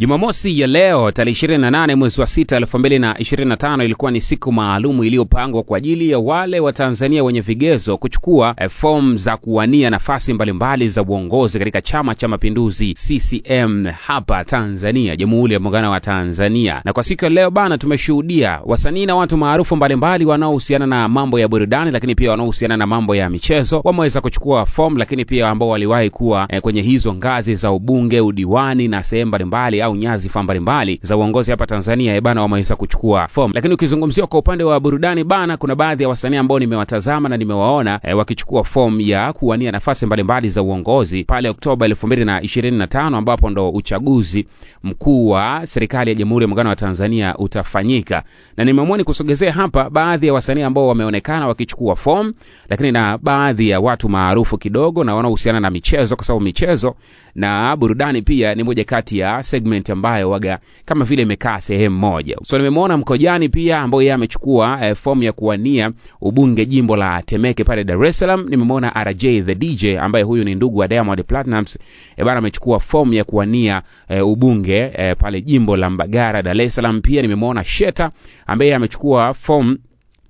Jumamosi ya leo tarehe 28 mwezi wa 6 2025 ilikuwa ni siku maalumu iliyopangwa kwa ajili ya wale wa tanzania wenye vigezo kuchukua eh, fomu za kuwania nafasi mbalimbali za uongozi katika Chama cha Mapinduzi CCM hapa Tanzania, Jamhuri ya Muungano wa Tanzania. Na kwa siku ya leo bana, tumeshuhudia wasanii na watu maarufu mbalimbali wanaohusiana na mambo ya burudani, lakini pia wanaohusiana na mambo ya michezo wameweza kuchukua fomu, lakini pia ambao waliwahi kuwa eh, kwenye hizo ngazi za ubunge, udiwani na sehemu mbalimbali au nyazifa mbalimbali za uongozi hapa Tanzania e bana, wameweza kuchukua fomu. Lakini ukizungumzia kwa upande wa burudani bana, kuna baadhi ya wasanii ambao nimewatazama na nimewaona e, wakichukua fomu ya kuwania nafasi mbalimbali za uongozi pale Oktoba 2025 ambapo ndo uchaguzi mkuu wa serikali ya Jamhuri ya Muungano wa Tanzania utafanyika, na nimeamua kusogezea hapa baadhi ya wasanii ambao wameonekana wakichukua fomu, lakini na baadhi ya watu maarufu kidogo na wanaohusiana na michezo, kwa sababu michezo na burudani pia ni moja kati ya segment environment ambayo waga kama vile imekaa sehemu moja. So nimemwona Mkojani pia ambaye yeye amechukua eh, fomu ya kuwania ubunge jimbo la Temeke pale Dar es Salaam. Nimemwona RJ the DJ ambaye huyu ni ndugu wa Diamond platinums eh, bana amechukua fomu ya kuwania eh, ubunge eh, pale jimbo la Mbagara Dar es Salaam. Pia nimemwona Sheta ambaye amechukua fomu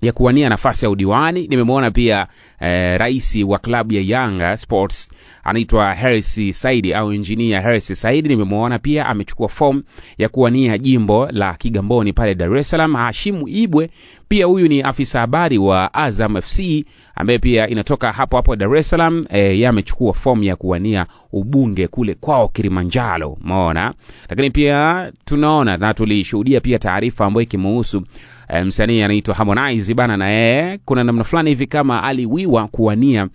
ya kuwania nafasi ya udiwani. Nimemwona pia eh, rais wa klabu ya Yanga Sports anaitwa Harris Saidi au engineer Harris Saidi, nimemwona pia amechukua fom ya kuwania jimbo la Kigamboni pale Dar es Salaam. Hashimu Ibwe pia huyu ni afisa habari wa Azam FC ambaye pia inatoka hapo hapo Dar es Salaam. Eh, e, yamechukua fomu ya kuwania ubunge kule kwao Kilimanjaro, umeona. Lakini pia tunaona na tulishuhudia pia taarifa ambayo ikimuhusu e, msanii anaitwa Harmonize bana, na yeye kuna namna fulani hivi kama aliwiwa kuwania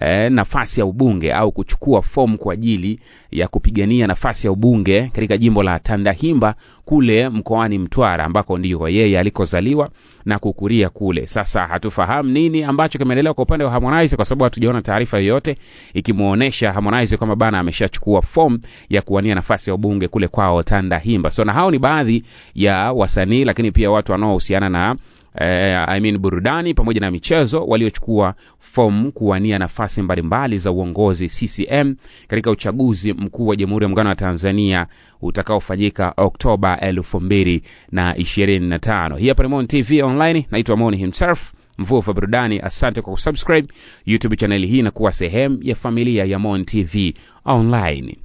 eh, nafasi ya ubunge au kuchukua fomu kwa ajili ya kupigania nafasi ya ubunge katika jimbo la Tandahimba kule mkoani Mtwara ambako ndiko yeye alikozaliwa na kukulia kule. Sasa hatufahamu nini ambacho kimeendelea kwa upande wa Harmonize kwa sababu hatujaona taarifa yoyote ikimuonesha Harmonize kwamba bana ameshachukua fomu ya kuwania nafasi ya ubunge kule kwao Tandahimba. So na hao ni baadhi ya wasanii lakini pia watu wanaohusiana na eh, I mean burudani pamoja na michezo waliochukua fomu kuwania nafasi mbalimbali za uongozi CCM katika uchaguzi mkuu wa Jamhuri ya Muungano wa Tanzania utakaofanyika Oktoba 2025. Hii hapa ni Mon TV Online, naitwa Mon himself mvuo wa burudani. Asante kwa kusubscribe YouTube chaneli hii na kuwa sehemu ya familia ya Moni TV Online.